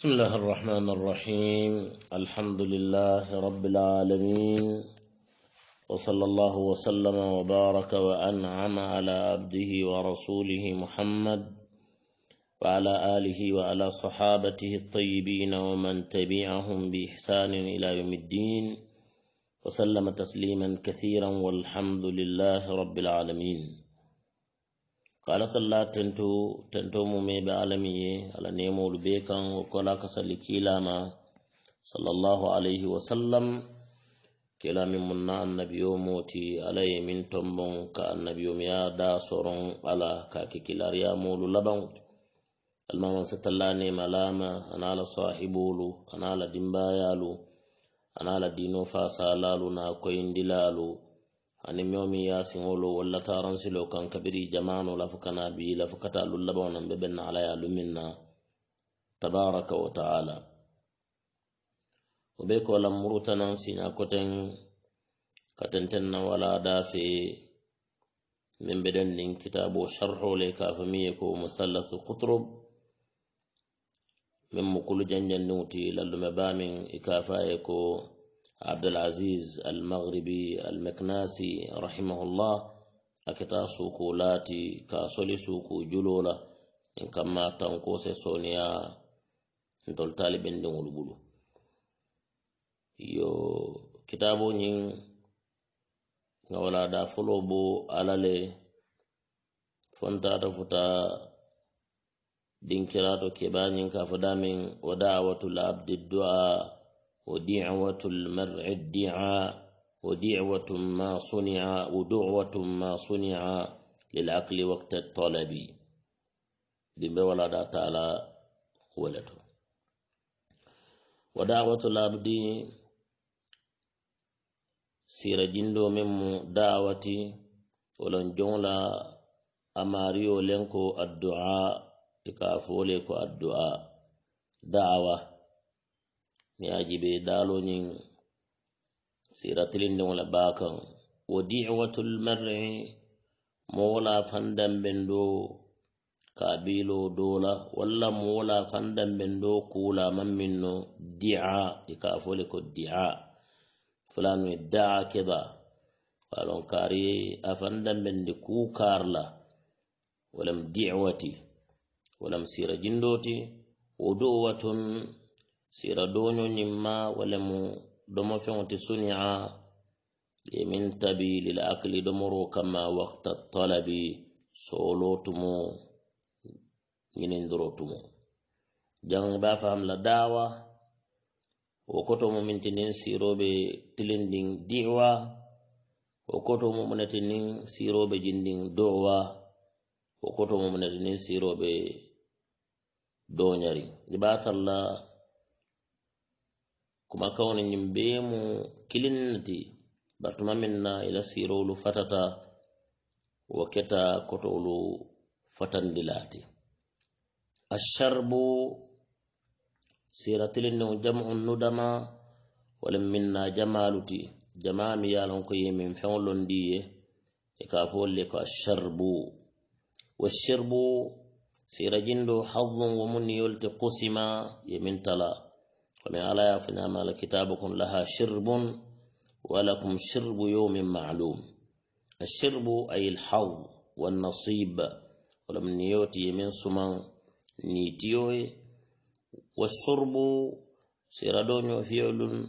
بسم الله الرحمن الرحيم الحمد لله رب العالمين وصلى الله وسلم وبارك وأنعم على عبده ورسوله محمد وعلى آله وعلى صحابته الطيبين ومن تبعهم بإحسان إلى يوم الدين وسلم تسليما كثيرا والحمد لله رب العالمين kala salla tento tento mu me be alami ye ala nemolu be kan o kala ka salli kilama sallallahu alayhi wa sallam kila min munna annabiyo moti ala ye min tombon ka annabiyo mi ya da soron ala ka ke kilariya molu laban almaman satalla ne malama anala sahibolu anala dimbayalu anala dino fasalalu na koyindilalu ani miomi ya singolo wala taran silo kan kabiri jamano la fukana bi la fukata lu labaŋo be ala ya lumina tabaraka wa taala wo ko la muruta naŋ siña koteŋ ka na wala dafe min beden nin kitabo sharhole ka fo ko musallasu qutrub min mukulu janjan nuti lallume bamiŋ ikafa ko عبد العزيز المغربي المكناسي رحمه الله أكتا سوكو لاتي كاسولي سوكو جلولة إن كما تنقوس سونيا دول طالبين دون البلو يو كتابو نين ولا دا فلوبو على لي فنتا تفتا دين كراتو كيبانين كافدامين ودعوة العبد الدعاء ودعوة المرء الدعاء ودعوة ما صنع ودعوة ما صنع للعقل وقت الطلب دمبي ولا دا تعالى ولده ودعوة العبد سير جندو من دعوة ولن جولا أماريو لنكو الدعاء ko addu'a e ka fole mi aji ɓe daloñin siratilinde wala bakan wa diwatul marre mo wala fandanɓen ɗo kabilo dola walla mo wala fandanɓen ɗo kula mammin no di'a ika e fole ko di'a fulan mi e da'a keɓa walon kari a fandanɓen de kukarla walam diwati walam sira jindoti wa du'watun sira doño ñimma wala mu domo feŋo ti sunia e min tabi lil akli domoro kamma waxta talabi soolo tumu ñinindoro tumu jaŋ ba faam la dawa wo koto mu minti nin siroɓe tilindin diwa wo koto mu munati nin siroɓe jindin dowa wo koto mu munati nin siroɓe doñari ibatalla kuma kawni ñin beemu kilinnati bartuma min na ila sirowolu fatata wo keta kotowolu fatandi laati asharbu siratilinnu jamu nudama walla min na jamaluti jamami yalon ko yemin fewlondi ye e ka folle ko asharbu washirbu sira jindo hadun wo mun yolte kusima yemin tala ومن على نعم لكتابكم لها شرب ولكم شرب يوم معلوم الشرب أي الحظ والنصيب ولمن يوتي من سما نيتيوي والشرب سيرادونيو فيولون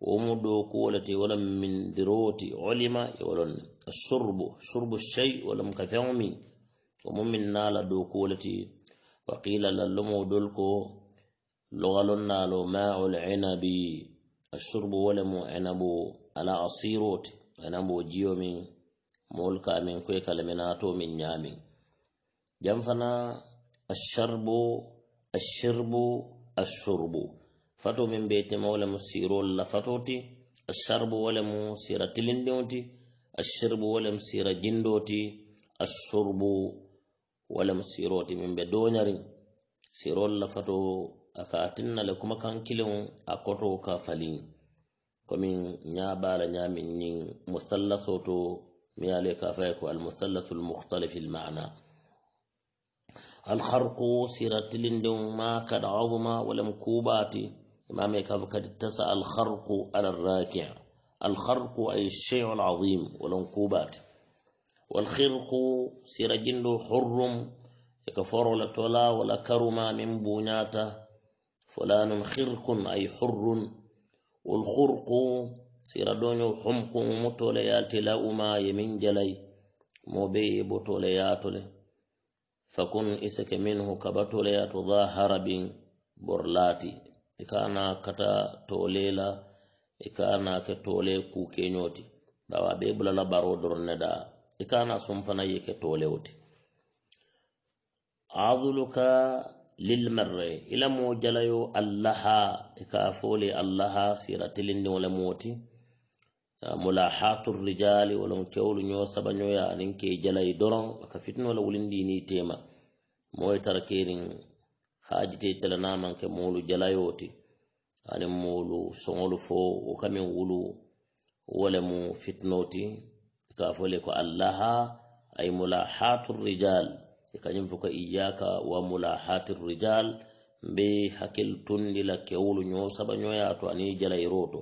ومدو كولتي ولم من دروتي علم يولون الشرب شرب الشيء ولم كثومي ومن نال دو وقيل للمو دولكو لغلنا ماء العنب الشرب ولم عنب على أصيروت عنب جيو من مولكا من كويكا لمناتو من نيامين جنفنا الشرب الشرب الشرب فتو من بيت مولم سيرو لفتوتي الشرب ولم سيرة تلندوتي الشرب ولم سيرة جندوتي الشرب ولم سيروتي من بدونري سيرو لفتو akatinna le kuma kan kiliŋ a koto ka faliŋ komin nya bala nya min nin musallaso to miyale ka fay ko al musallasu al mukhtalif al ma'na al kharqu siratilin dum ma kad azuma wa lam kubati imam ka fa tasa al kharqu ala al raki' al kharqu ay shay' al azim wa lam kubati wal khirqu sirajindu hurrum ka foro la tola wala karuma min bunyata فلان خرق أي حر والخرق سيرا دونيو حمق متول يالتي لاوما يمن جلي موبي بوتول ياتول فكن إسك منه كبتول ياتو ظاهر بين برلاتي إكانا كتا توليلا إكانا كتولي كوكي نوتي دوا بيبلا لبرو درندا إكانا سنفنا يكتولي أوتي عضلك lilmarre ilamo jalayo allaha eka fole allaha sira tilindi wala moti ah, mulahatu rijali wala kewlu nyo saba nyo ya nin ke jalay doron aka fitno wala wulindi ni tema moy tarkerin hajite telana man ke mulu jalayoti ani mulu songolu fo o kamin wulu wala mu fitnoti ka fole ko allaha ay mulahatu rijali ikañum fo iyaka wa mulahati rijal mbe hakil tundi la kewolu ño saba ñoyato ani iroto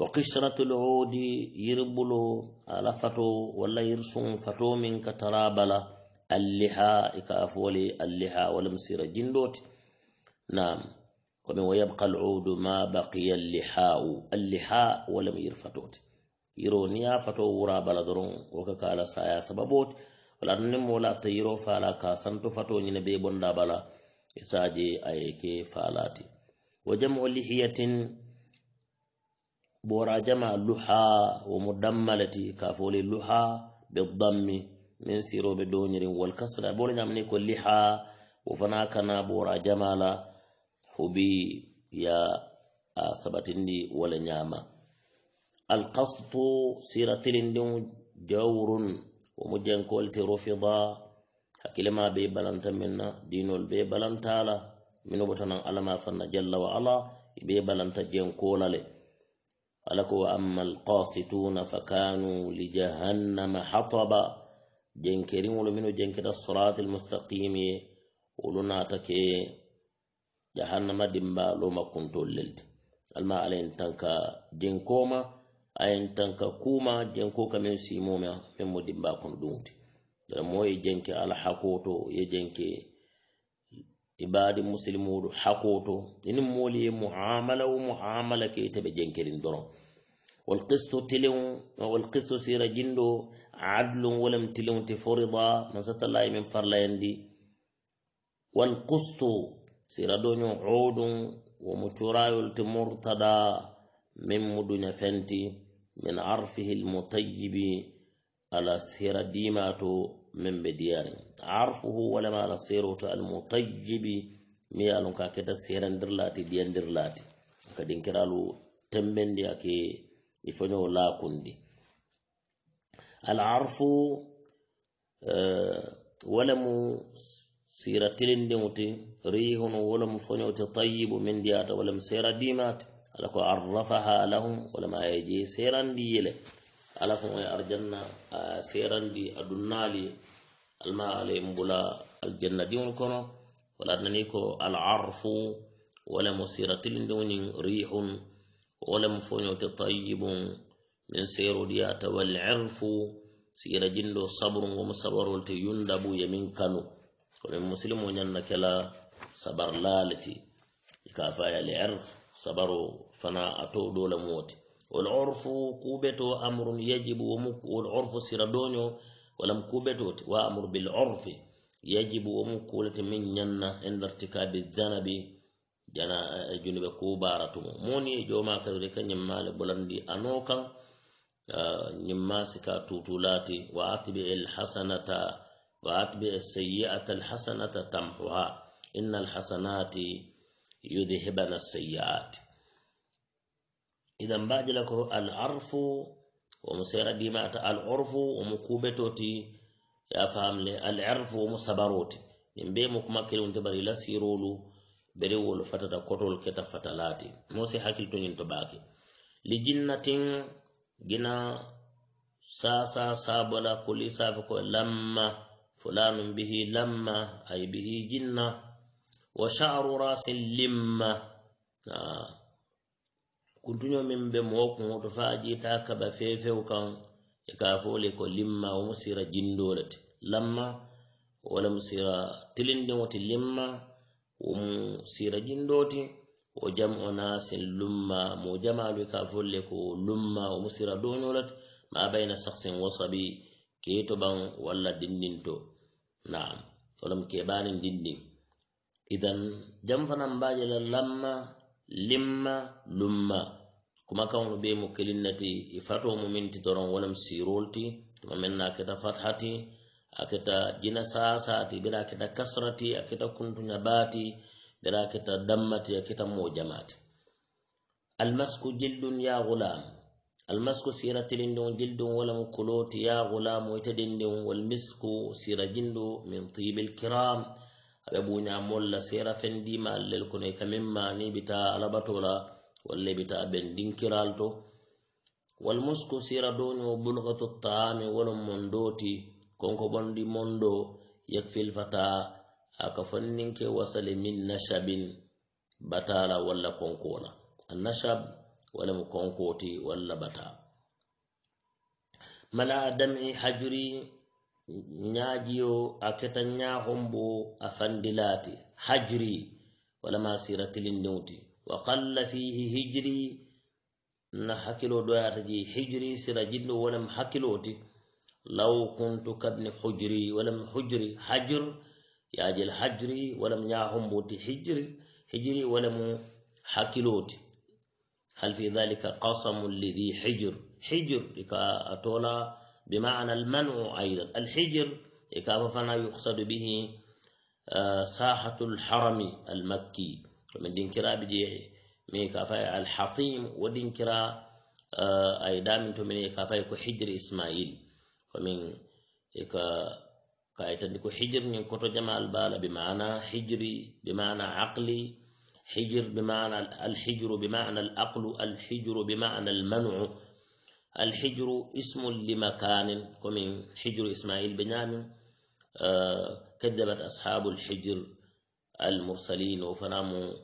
wa kishratu ludi yirbulu ala fato walla yirsun fato min katarabala tarabala alliha ikafuali alliha walam sira jindoti nam komin wa yabka aludu ma bakia allihau alliha walam yir fatoti yiro niya fato urabala dhurung wakakala saya sababoti walatunin mola ta yiro fala ka san to fato ni na bebon da bala isa e je a yake fala ti wajen mulihiyatin bora jama luha wa mudammalati ka foli luha bi dammi min siro be donirin wal kasra bora jama ne ko liha wa fana kana bora jama la hubi ya a sabatin di wala nyama al qasdu siratilindu jawrun wo mu jenkolte rofida hakkile ma be balanta min na dinol be balanta la minu botanan alama fanna jalla wa ala be balanta jenkola le ala ko wa amma alqasituna fa kanu li jahannama hataba jenkeriŋolu minu jenkita sirati almustaqimi wolu naata ke jahannama dimba loma kuntol lelti alma alayin tanka jenkoma ayan tanka kuma jenko kamen simoma men mo dimba kono ɗumti ɗa moye jenke alhakoto ye jenke ibadi muslimuɗo hakoto ini moli ye muamala wo muamala ke teɓe jenkerin doron walkisto tilin walkisto sira jindo adlun walam tilin ti forida mansatallahi e min farlayandi walkusto sira doño odun womu curayol ti murtada min muduña fenti min arfihi almutayyibi ala sira dimato min be diyari arfuhu walama ala siroto almutayyibi mi ye a lon ka keta seerandir laati diyandir laati kadin kiralu tembendi ake ifoñoo laakundi al arfu eh, wolemu sira tilindiŋo ti rihunu wolemu foñoo ti tayibu min diyata wolemu seera diimaati ala ko arrafaha lahum walama ye je serandi yele ala fon arjanna a serandi a dunnaali alma ala ye mbula aljanna diŋol kono wala nani ko alarfu walamu siratilindeo ñiŋ rihun walamu foñote tayibun min serudiyata walirfu sira jindo sabrun womu sabarolte yundabu ye min kanu kono musilimo ñanna kela sabarlaale ti ka faya alirfu sabaro fana ato dola moti والعرف كوبتو أمر يجب ومك والعرف سردونيو ولم كوبتو وأمر بالعرف يجب ومك من ينا عند ارتكاب الذنب جنا جنب كوبارتم موني جوما كذلك نمال بلندي أنوكا نما سكا توتولاتي وأتبع الحسنة وأتبع السيئة الحسنة تمحها إن الحسنات yudhibana sayiat idan bajila ko al arfu o mo sera dimata al urfu o mo kubetoti ya famle al arfu o mo sabaroti min be mo kuma kelun to bari lasirolu bere wol fatata kotol keta fatalati mo se hakil to nyinto baake li jinnatin gina sa sa sabala kulisa ko lamma fulanun bihi lamma ay bihi jinna wa sharu rasin limma ah. kuntuño min be moo kuŋo to fa jiita kaba feefew kaŋ e ka foole ko limma wo mu sira jindole ti lamma wala mu sira tilindiŋo ti limma wo mu sira jindo ti wo jam o nasin lumma moo jamaalu ka folle ko lumma wo mu sira doñole ti ma bayna saksin wasabi keto baŋ walla dindinto naam wala mu keɓanin dindiŋ idan jam fanan bajela lamma limma lumma kuma kawnu be mo kelinnati i fato mu minti doron wolem sirolti tuma menna keta fathati aketa jina sasati bira keta kasrati aketa kuntuña baati bira keta dammati aketa mo jamati almasku jildun ya gulam almasku sira tilindiŋo jildun wolem kuloti ya gulamu ite dindiŋ walmisku sira jindu min tibil kiram aɓe ɓuña molla sera fendima allel kone kamin mani ɓita alaɓatola walla ɓita ɓen ɗinkiral to walmusku sira ɗoño bulgato taami wolon mondoti konko ɓonɗi mondo yakfilfata aka fanninke wasale min nashabin batala walla konkola annashab walamo konkoti walla bata mala dami hajuri ناجيو أكتنيا همبو أفندلاتي حجري ولما سيرة للنوتي وقل فيه هجري نحكيلو دواتجي هجري سيرة جدن ولم حكيلوتي لو كنت كابن حجري ولم حجري حجر ياجي الحجري ولم يا همبوتي حجري حجري ولم حكيلوتي هل في ذلك قسم لذي حجر حجر لك أتولا بمعنى المنع أيضا الحجر إكافة يقصد به آه، ساحة الحرم المكي من دينكرا بجي من كافاية الحطيم ودينكرا آه، أي دامن من كافاية حجر إسماعيل ومن إكا كايتندك حجر من كتو جمال بالا بمعنى حجري بمعنى عقلي حجر بمعنى الحجر بمعنى الأقل الحجر بمعنى المنع الحجر اسم لمكان كمن حجر إسماعيل بنيامين آه، كذبت أصحاب الحجر المرسلين وفنامو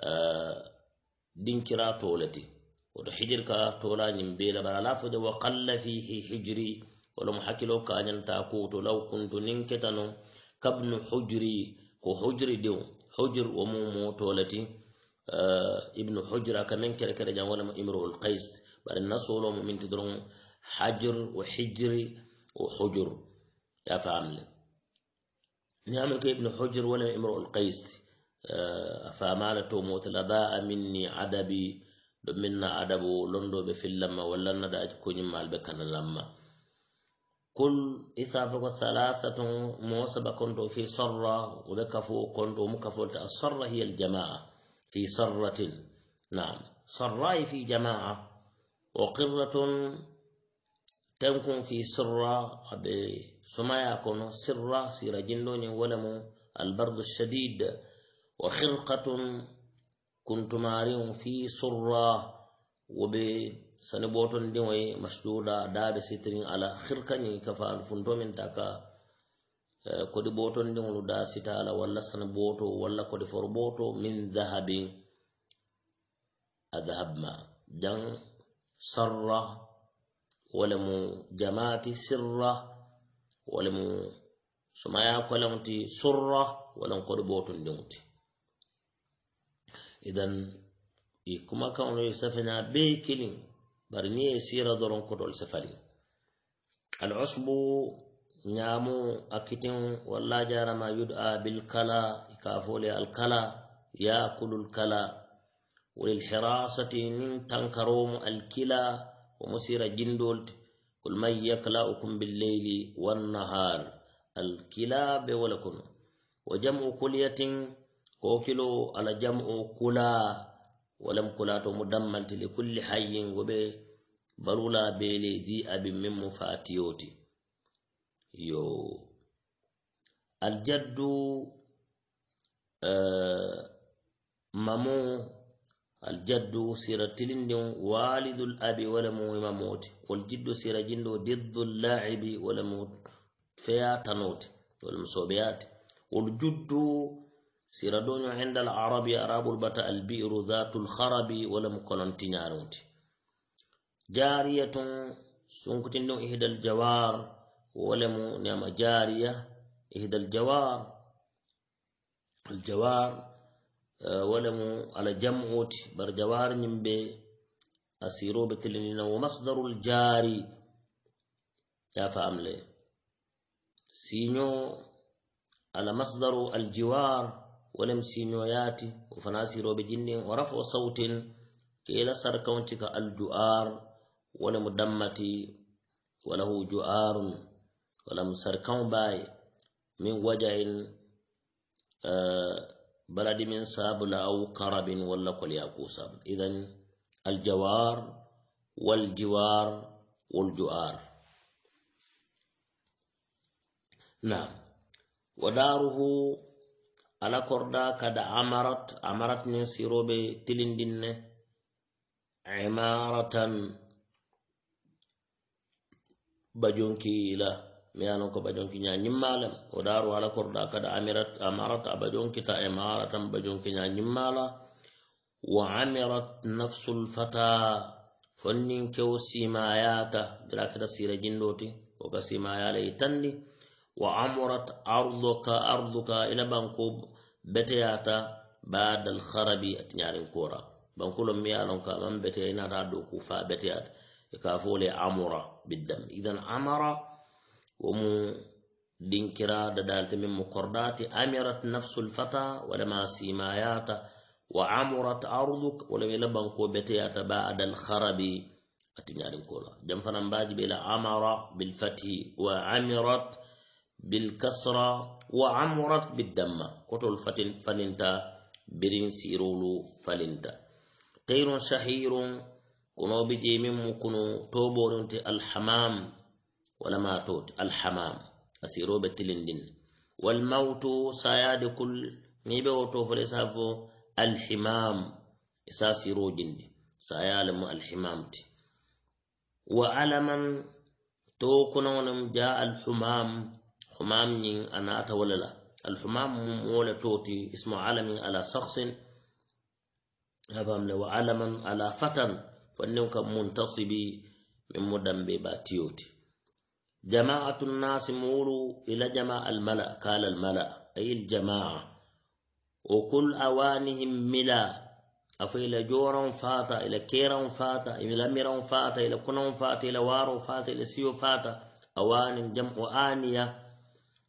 آه، دينكرا طولتي وحجر كا طولا نمبيل برالافد وقل فيه حجري ولو حكي لو كان ينتاكوت لو كنت ننكتنو كابن حجري كو حجري ديو حجر ومومو طولتي آه، ابن حجر كمن كركر جان ولم امرو القيست بل الناس ولو مؤمن تدرون حجر وحجر وحجر يا hujur ya famle نعم ابن حجر ولا امرؤ القيس أفامال توموت لباء مني عدبي بمنا عدب لندو بفلما ولا ندى كوني مال بكن لما كل إسافك ثلاثة موسبة كنت في سرة وبكفو كنت ومكفو السرة هي الجماعة في سرة نعم سراي في جماعة وقرة تنكم في سرة بسمايا كونو سرة سيرة جندون ولم البرد الشديد وخرقة كنت ماريهم في سرة وبسنبوتن دوي مشدودة دار سترين على خرقة كفال من تاكا كودي boton ndiŋolu da sitala ولا سنبوتو ولا كودي فربوتو من boto الذهب ما جن سرة ولم جماعة سرة ولم سمايا تي سرة ولم قربوت دونتي إذن يكما كانوا يسفنا بيكلين برني سيرة دورن كدول سفري العصب نعمو أكتن والله جارما يدعى بالكلا يكافولي الكلا يأكل الكلا Wa il-xiraasa ni tanka rooma alkila. Umar sirrii jin dooltii. Kulmaa Yakkala uukuu bilbileejii. Waan na haala alkilaabe walakuna. Wa jama uukuliyya tin koo kiloo ala jam'uu kulaa. Waala mu kulaa ta'uu mu dammal tilee kulli hayyi gobee barumaa beela dee abbi mimu fa'aa Yoo. Aljadduu maamoo. الجد سير تلندن والد الأبي ولا موما موت والجد سير جندو ضد اللاعب ولا موت فيا تنوت والمصوبيات والجد سير دونيو عند العربي أراب البتا البئر ذات الخرب ولا مقلن تنانوت جارية سنكتنو إهدى الجوار ولا مو نعم جارية إهدى الجوار الجوار Eh, wonemu ala jam oti bar jawarñim ɓe asiroɓe telenina wo masdarul jari yafaamle siño ala masdaru aljiwar wonem siño yaati o fana siroɓe jinnin o rafo sautin kela sar kawnti ka aljuar wonemu dammati walahu juarun walamu sar kaw baye min wajayin uh, eh, بلد من سابل أو قرب ولا كلياكوسا إذن الجوار والجوار والجؤار نعم وداره على كردا كد عمرت عمرت من سيروب تلندن عمارة بجونكي له ميانو كبجون كنيا نمالم ودارو على كردا امارات عمرت أمرت أبجون كتا باجون كي نيا نمالا وعمرت نفس الفتى فنين كو سيماياتا دلا كدا سيرة جندوتي وكا سيمايا ليتني وعمرت أرضك أرضك إلى بانكوب بتياتا بعد الخرب أتنيارين كورا بانكولو ميانو كامان بتينا رادو كوفا بتيات كافولي عمرا بالدم إذا عمرا ومو دينكرا دالت من مقردات أمرت نفس الفتى ولما سيمايات وعمرت أرضك ولم يلبن كوبتيات بعد الخرب أتنيارين كولا جم فنباج بلا عمر بالفتح وعمرت بالكسرة وعمرت بالدم كتل فتن فننتا برين سيرولو فلنتا طير شهير كنو بجي من مكنو توبورنت الحمام wala matot alhamam asiroɓe tilindin walmautu sayade kul niɓe woto fole safo alhimam isa sirojindi sayalemu alhimamti wa alaman to kunawonem ja alhumam humam ñin anata walala alhumam mum wole toti ismu alamin ala saksin afamne wa alaman ala fatan fannin kam muntasibi min mudambe ba tiyoti جماعة الناس مولوا إلى جماعة الملأ قال الملأ أي الجماعة وكل أوانهم ملا أفيل جورا فاتا إلى كيرا فاتا إلى ميرا فاتا إلى كنا فاتا إلى وارو فاتا إلى سيو فاتا أوان جمع آنية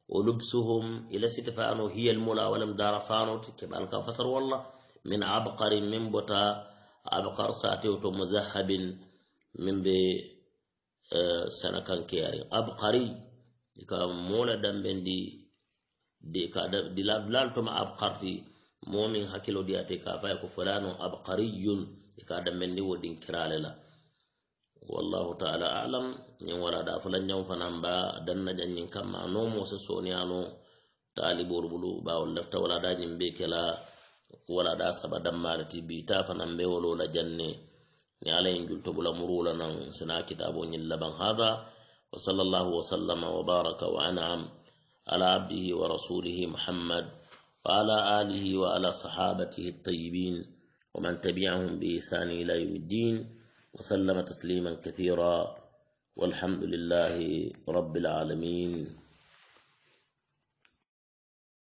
ولبسهم إلى ستفانو هي الملا ولم دار فانو كما أنك فسر والله من عبقر من بطا عبقر ساتيوتو مذهب من بي Eh, sanakankeyari abkari ika mola dambendi di lalfama abkarti momin hakkilo diyate ka faya ko fulano abkariyun ika dambendi wo din kirale la wallahu taala alam ñin wala da fulanñam fanan ba danna jañin kamma no mose soniyano taliboru bulu bawol lefta wala da ñin be kela wala da saba dammalati bita fanan be wolola janne ni ala en jultoɓula murula nan sona kitabo ñin laban hada wa sallallahu wa sallama wa baraka wa anam ala abdihi wa rasulihi muhammad wa ala alihi wa ala sahabatihi الطيبين ومن تبعهم بإحسان إلى يوم الدين وسلم تسليما كثيرا والحمد لله رب العالمين